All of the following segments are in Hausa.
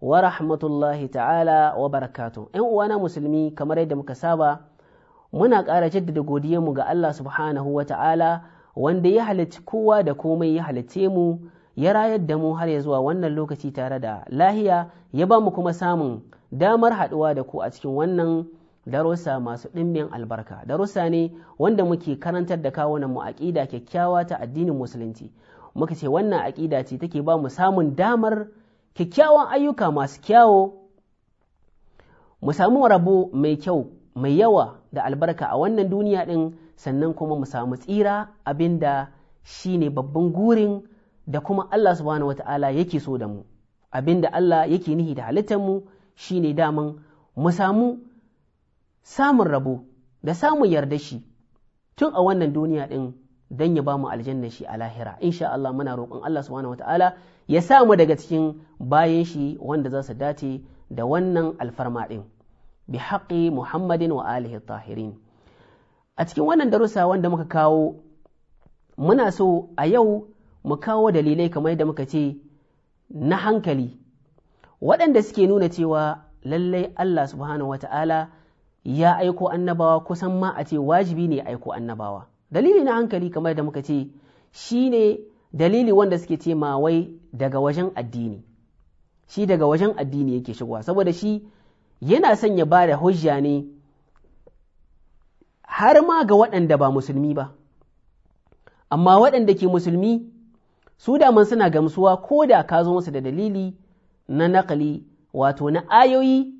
wa rahmatullahi ta'ala wa barakatu ‘yan uwana musulmi kamar yadda muka saba muna ƙara jaddada godiyarmu ga Allah subhanahu wa ta'ala wanda ya halicci kowa da komai ya halicce mu ya rayar da mu har ya zuwa wannan lokaci tare da lahiya ya ba mu kuma samun damar haɗuwa da ku a cikin wannan darussa masu ɗimbin albarka darussa ne wanda muke karantar da kawunan mu aƙida kyakkyawa ta addinin musulunci muka ce wannan aƙida ce take ba mu samun damar kyakkyawan ayyuka masu kyawo mu samu rabo mai kyau mai yawa da albarka a wannan duniya ɗin sannan kuma mu samu tsira abinda shine babban gurin da kuma Allah subhanahu wata'ala yake so da mu abinda Allah yake nihi da halittar mu shine daman mu samu samun rabo da samun yarda shi tun a wannan duniya ɗin Don ya bamu aljanna shi a lahira insha Allah muna roƙon Allah subhanahu wataala ya sa mu daga cikin bayan shi wanda za su dace da wannan alfarma ɗin bi haƙi Muhammadin wa alihi tahirin a cikin wannan darussa wanda muka kawo muna so a yau mu kawo dalilai kamar yadda muka ce na hankali waɗanda suke nuna cewa lallai Allah subhanahu wataala ya aiko annabawa kusan ma a ce wajibi ne aiko annabawa dalili na hankali kamar da muka ce shi ne dalili wanda suke ce ma wai daga wajen addini shi daga wajen addini yake shigowa saboda shi yana sanya ba da hujja ne har ma ga waɗanda ba musulmi ba amma waɗanda ke musulmi su daman suna gamsuwa ko da ka zo musu da dalili na naƙali wato na ayoyi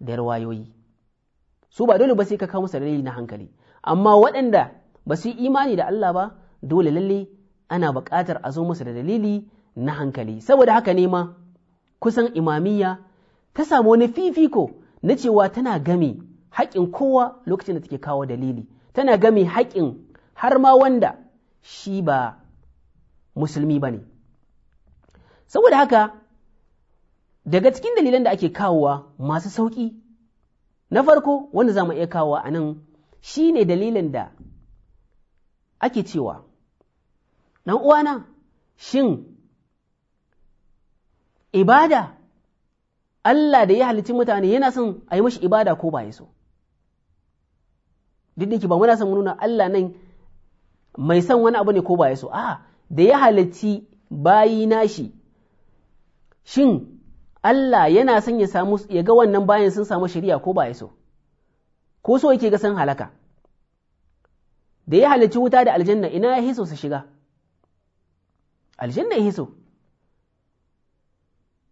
da Ruwayoyi. su ba dole ba sai ka kawo musu dalili na hankali amma waɗanda ba su yi imani da Allah ba dole lalle ana buƙatar a zo masa da dalili na hankali saboda haka ne ma kusan imamiyya ta samu wani fifiko na cewa tana gami haƙin kowa lokacin da take kawo dalili tana gami haƙin har ma wanda shi ba musulmi ba ne saboda haka daga cikin dalilan da ake kawowa masu sauƙi na farko wanda za mu iya kawowa a nan shi ne dalilin da ake cewa ɗan uwana shin ibada Allah da ya halicci mutane yana son a yi mashi ibada ko ba ya so duk ba muna son nuna Allah nan mai son wani abu ne ko ba ya so a da ya halicci bayi nashi shin Allah yana son ya ya ga wannan bayan sun samu shari'a ko ba ya so ko so yake ga san halaka da ya halarci wuta da aljanna ina ya hiso su shiga aljanna ya hiso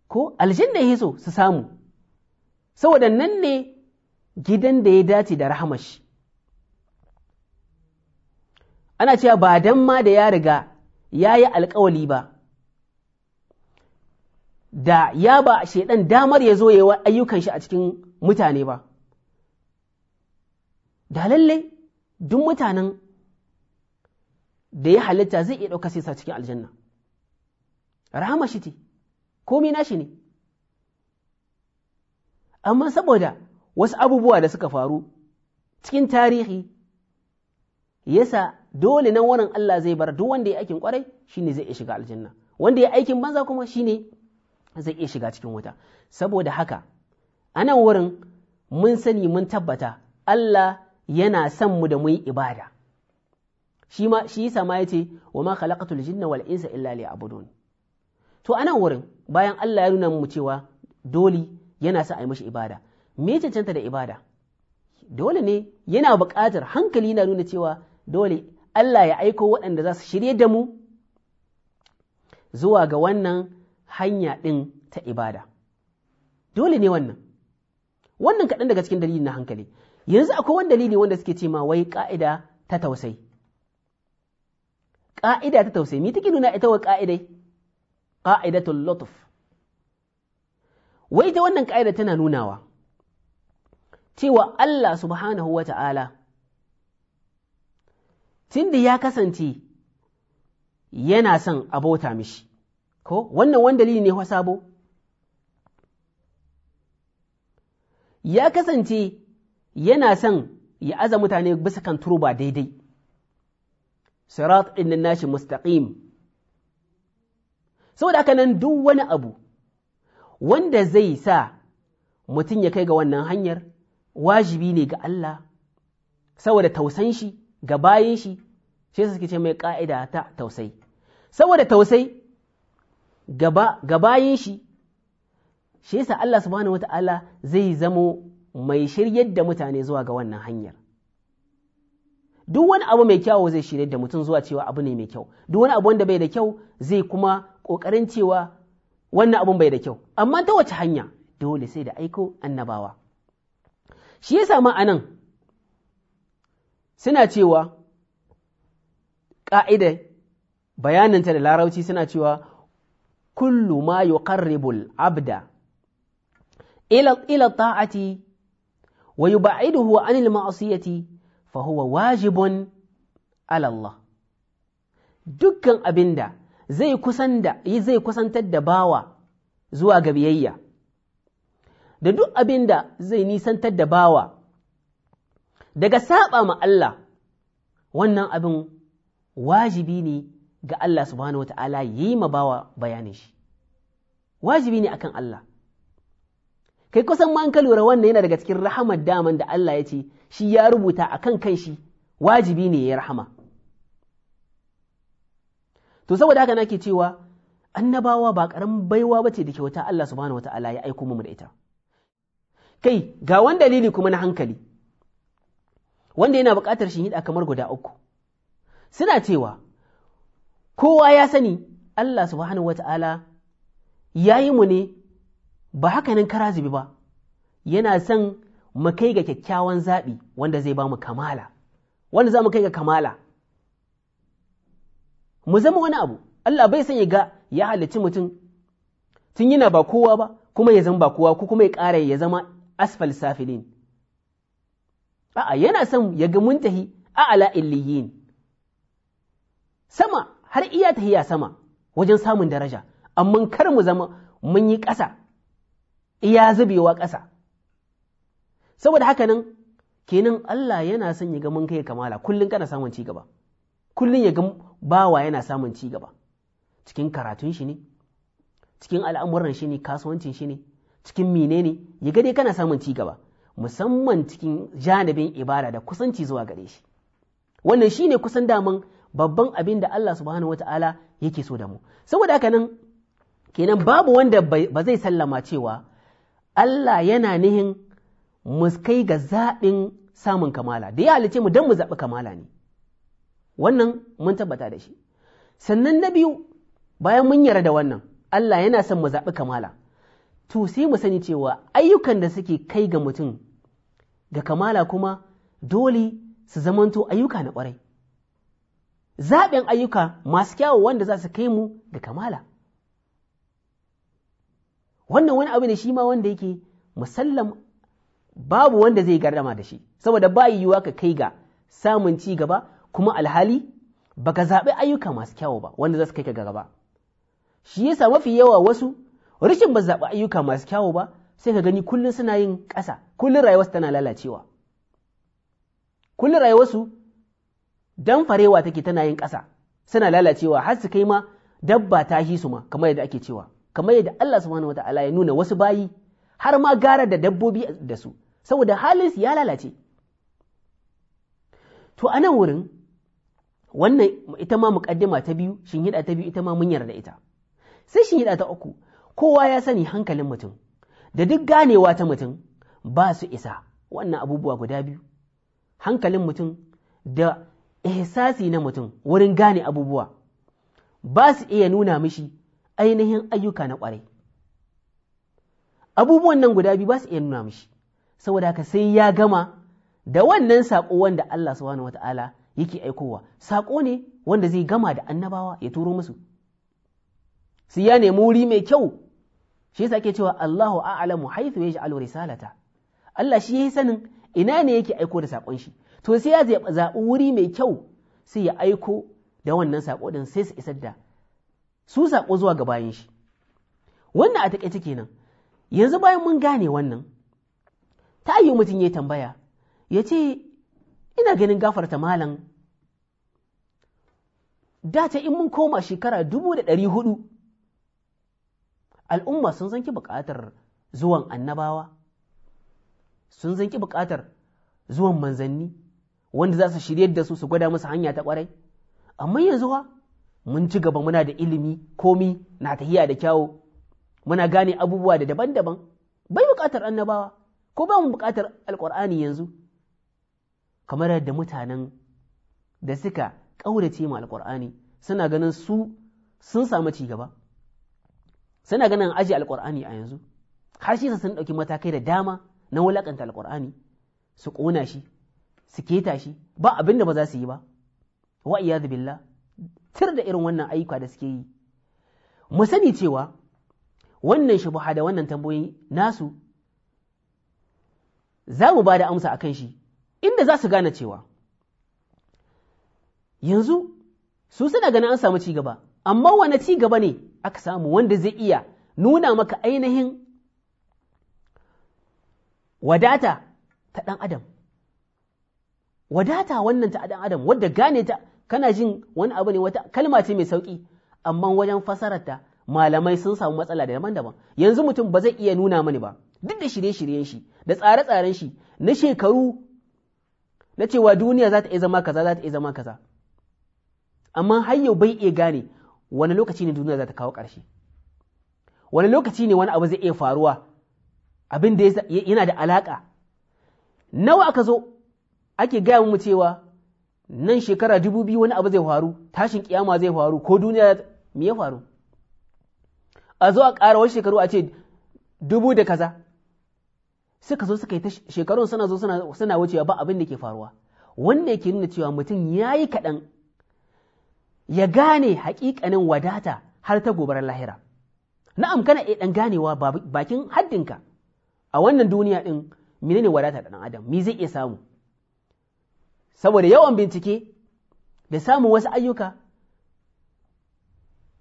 ko aljanna ya hiso su samu saboda nan ne gidan da ya dace da rahamashi ana cewa ba dan ma da ya riga ya yi alkawali ba da ya ba shaidan damar ya zo yawa ayyukan shi a cikin mutane ba da lalle duk mutanen da ya halitta zai iya ɗauka sa cikin aljanna rahama shi ce komai nashi ne amma saboda wasu abubuwa da suka faru cikin tarihi yasa dole nan wurin Allah zai bar duk wanda ya aikin kwarai shine zai iya shiga aljanna wanda ya aikin banza kuma shi ne zai iya shiga cikin wuta saboda haka a nan wurin mun sani mun tabbata Allah yana son mu da mu yi ibada shi ma shi yasa ma yace wa ma khalaqatul jinna wal insa illa liya'budun to anan wurin bayan Allah ya nuna mu cewa dole yana sa a yi mashi ibada me cancanta da ibada dole ne yana buƙatar hankali yana nuna cewa dole Allah ya aiko waɗanda za su shirye da mu zuwa ga wannan hanya ɗin ta ibada dole ne wannan wannan kaɗan daga cikin dalilin na hankali yanzu akwai wani dalili wanda suke ce ma wai ƙa'ida ta tausayi ƙa'ida ta tausayi mi take nuna ita wa ƙa'idai ƙa'idatul lutuf wai ta wannan ƙa'ida tana nunawa cewa Allah subhanahu wa ta'ala tunda ya kasance yana son abota mishi ko wannan wani dalili ne sabo ya kasance yana son ya aza mutane bisa kan turba daidai sirat ɗin nan nashi mustaqim saboda haka nan duk wani abu wanda zai sa mutum ya kai ga wannan hanyar wajibi ne ga Allah saboda tausan shi ga bayan shi shi suke ce mai ƙa'ida ta tausai saboda tausai ga bayan shi shi yasa Allah subhanahu wata'ala zai zamo mai shiryar da mutane zuwa ga wannan hanyar duk wani abu mai kyau zai shirye da mutum zuwa cewa abu ne mai kyau duk wani abu wanda bai da kyau zai kuma kokarin cewa wannan abun bai da kyau amma ta wace hanya dole sai da aiko annabawa shi yasa ma anan suna cewa ƙa'idar bayaninta da larauci suna cewa kullu ma yuqarribul abda ila ta'ati wa yub'iduhu anil ma'siyati فهو واجب على alallah dukkan abinda zai zai kusantar da bawa zuwa ga biyayya da duk abinda zai nisantar da bawa daga saba ma Allah wannan abin wajibi ne ga Allah subhanahu wata'ala yi ma bawa bayanin shi wajibi ne akan Allah kai kusan ma an ka lura wannan yana daga cikin rahamar daman da Allah ya ce shi ya rubuta a kan kanshi wajibi ne ya rahama to saboda haka nake cewa annabawa ba ƙaran baiwa ba ce da kyauta Allah subhanahu ta’ala ya aiko mu da ita kai ga wani dalili kuma na hankali wanda yana buƙatar shi hida kamar guda uku suna cewa kowa ya sani Allah subhanahu ta’ala ya yi mu ne ba haka nan kara zubi ba yana son mu kai ga kyakkyawan zaɓi wanda zai ba mu kamala wanda za mu kai ga kamala mu zama wani abu Allah bai san ya ga ya halicci mutum tun yana ba kowa ba kuma ya zama ba kowa ko kuma ya ƙara ya zama asfal safilin a'a yana son ya ga muntahi a ala illiyin sama har iya tahiya sama wajen samun daraja amma kar mu zama mun yi ƙasa iya zubewa ƙasa saboda haka nan kenan Allah yana son ya ga mun kai kamala kullun kana samun ci gaba kullun ya ga bawa yana samun ci gaba cikin karatun shi ne cikin al'amuran shi ne kasuwancin shi ne cikin mine ne ya ga dai kana samun ci gaba musamman cikin janibin ibada da kusanci zuwa gare shi wannan shi ne kusan daman babban abin da Allah subhanahu wata'ala yake so da mu saboda haka nan kenan babu wanda ba zai sallama cewa Allah yana nihin mu kai ga zaɓin samun kamala da ya halice mu don mu zaɓi kamala ne wannan mun tabbata da shi sannan na biyu bayan mun yara da wannan Allah yana son mu zaɓi kamala to sai mu sani cewa ayyukan da suke kai ga mutum ga kamala kuma dole su zamanto ayyuka na ƙwarai zaɓin ayyuka masu kyawu wanda za su kai mu ga kamala wannan wani abu ne shi ma wanda yake musallam babu wanda zai gardama da shi saboda ba yiwuwa ka kai ga samun ci gaba kuma alhali baka zaɓi ayyuka masu kyawu ba wanda za su kai ka gaba shi yasa mafi yawa wasu rashin ba zaɓi ayyuka masu kyawu ba sai ka gani kullum suna yin ƙasa kullum rayuwarsu tana lalacewa kullum rayuwarsu dan farewa take tana yin ƙasa suna lalacewa har su kai ma dabba ta hi su ma kamar yadda ake cewa kamar yadda Allah subhanahu wataala ya nuna wasu bayi har ma gara da dabbobi da su saboda halin ya lalace to a nan wurin wannan ita ma muƙaddima ta biyu shinhiɗa ta biyu ita ma mun yarda ita sai shinhiɗa ta uku kowa ya sani hankalin mutum da duk ganewa ta mutum ba su isa wannan abubuwa guda biyu hankalin mutum da ihsasi na mutum wurin gane abubuwa ba su iya nuna mishi ainihin ayyuka na kwarai. abubuwan nan guda biyu ba su iya nuna mishi saboda haka sai ya gama da wannan saƙo wanda Allah subhanahu wata'ala yake aikowa saƙo ne wanda zai gama da annabawa ya turo musu su ya nemi wuri mai kyau shi yasa ake cewa Allahu a'lamu haythu yaj'alu risalata Allah shi yayi sanin ina ne yake aiko da saƙon shi to sai ya zabi wuri mai kyau sai ya aiko da wannan saƙo din sai su isar da su saƙo zuwa ga bayan shi wannan a taƙaice kenan yanzu bayan mun gane wannan ta yi mutum ya tambaya ya ce ina ganin gafar ta malam data in mun koma shekara dubu da ɗari hudu al'umma sun zanki bukatar zuwan annabawa sun zanki bukatar zuwan manzanni wanda za su shiryar da su su gwada musu hanya ta ƙwarai amma yanzu ha mun ci gaba muna da ilimi komi na tahiya da kyawu muna gane abubuwa da daban-daban bai bukatar annabawa ko ba mu buƙatar alƙur'ani yanzu kamar yadda mutanen da suka ƙaurace ma alƙur'ani suna ganin su sun samu ci gaba suna ganin aji alƙur'ani a yanzu har shi sun ɗauki matakai da dama na wulaƙanta alƙur'ani su ƙona shi su keta shi ba abin da ba za su yi ba wa iyadu billah tir da irin wannan ayyuka da suke yi mu sani cewa wannan shubaha da wannan tambayoyi nasu za mu ba da amsa a kan shi inda za su gane cewa yanzu su suna ganin an samu cigaba amma wane cigaba ne aka samu wanda zai iya nuna maka ainihin wadata ta ɗan adam wadata wannan ta ɗan adam wadda gane ta kana jin wani abu ne wata kalma ce mai sauƙi amma wajen fasararta malamai sun samu matsala da daban-daban yanzu mutum ba zai iya nuna mani ba duk da shirye-shiryen shi da tsare-tsaren shi na shekaru na cewa duniya za ta iya zama kaza za ta iya zama kaza amma har yau bai iya gane wani lokaci ne duniya za ta kawo ƙarshe wani lokaci ne wani abu zai iya faruwa abin da yana da alaka? nawa aka zo ake gaya mu cewa nan shekara dubu biyu wani abu zai faru tashin kiyama zai faru ko duniya me ya faru a zo a ƙara wani shekaru a ce dubu da kaza suka zo suka yi ta shekarun suna zo suna wucewa ba abin da ke faruwa wanda yake nuna cewa mutum ya yi kaɗan ya gane haƙiƙanin wadata har ta gobarar lahira na'am kana iya ɗan ganewa bakin haddinka a wannan duniya ɗin ne wadata ɗan adam mi zai iya samu saboda yawan bincike da samun wasu ayyuka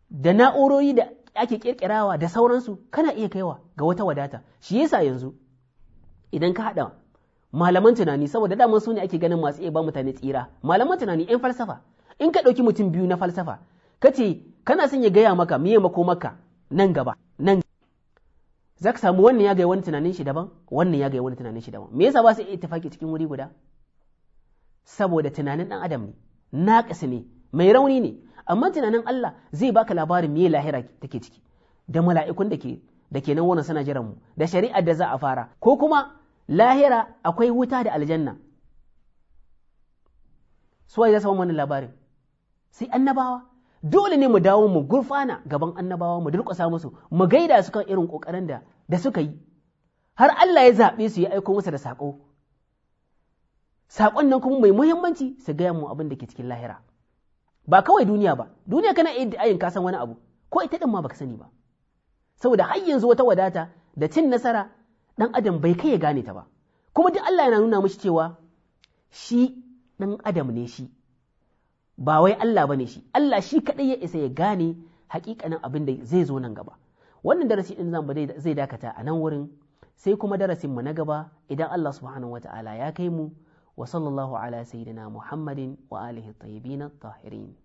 da na'urori da ake kirkirawa da sauransu kana iya kaiwa ga wata wadata shi yasa yanzu idan ka haɗa malaman tunani saboda dama su ne ake ganin masu iya ba mutane tsira malaman tunani yan falsafa in ka ɗauki mutum biyu na falsafa ka ce kana son ya gaya maka miye mako maka nan gaba nan za ka samu wannan ya gaya wani tunanin shi daban wannan ya gaya wani tunanin shi daban me yasa ba su iya tafaki cikin wuri guda saboda tunanin ɗan adam ne naƙas ne mai rauni ne amma tunanin Allah zai baka labarin miye lahira take ciki da mala'ikun da ke da ke nan wannan suna jiran mu da shari'ar da za a fara ko kuma lahira akwai wuta da aljanna suwaye za su samu wannan labarin sai annabawa dole ne mu dawo mu gurfana gaban annabawa mu durƙusa musu mu gaida su kan irin ƙoƙarin da da suka yi har Allah ya zaɓe su ya aiko musu da saƙo saƙon nan kuma mai muhimmanci su gaya mu abin da ke cikin lahira ba kawai duniya ba duniya kana iya da ka san wani abu ko ita din ma baka sani ba saboda har yanzu wata wadata da cin nasara ɗan adam bai kai ya gane ta ba kuma duk Allah yana nuna mishi cewa shi ɗan adam ne shi ba wai Allah bane shi Allah shi kaɗai ya isa ya gane hakikanin abin da zai zo nan gaba wannan darasi ɗin zan zai dakata a nan wurin sai kuma darasin mu na gaba idan Allah subhanahu wata'ala ya kai mu wa sallallahu ala sayyidina Muhammadin wa alihi tayyibin tahirin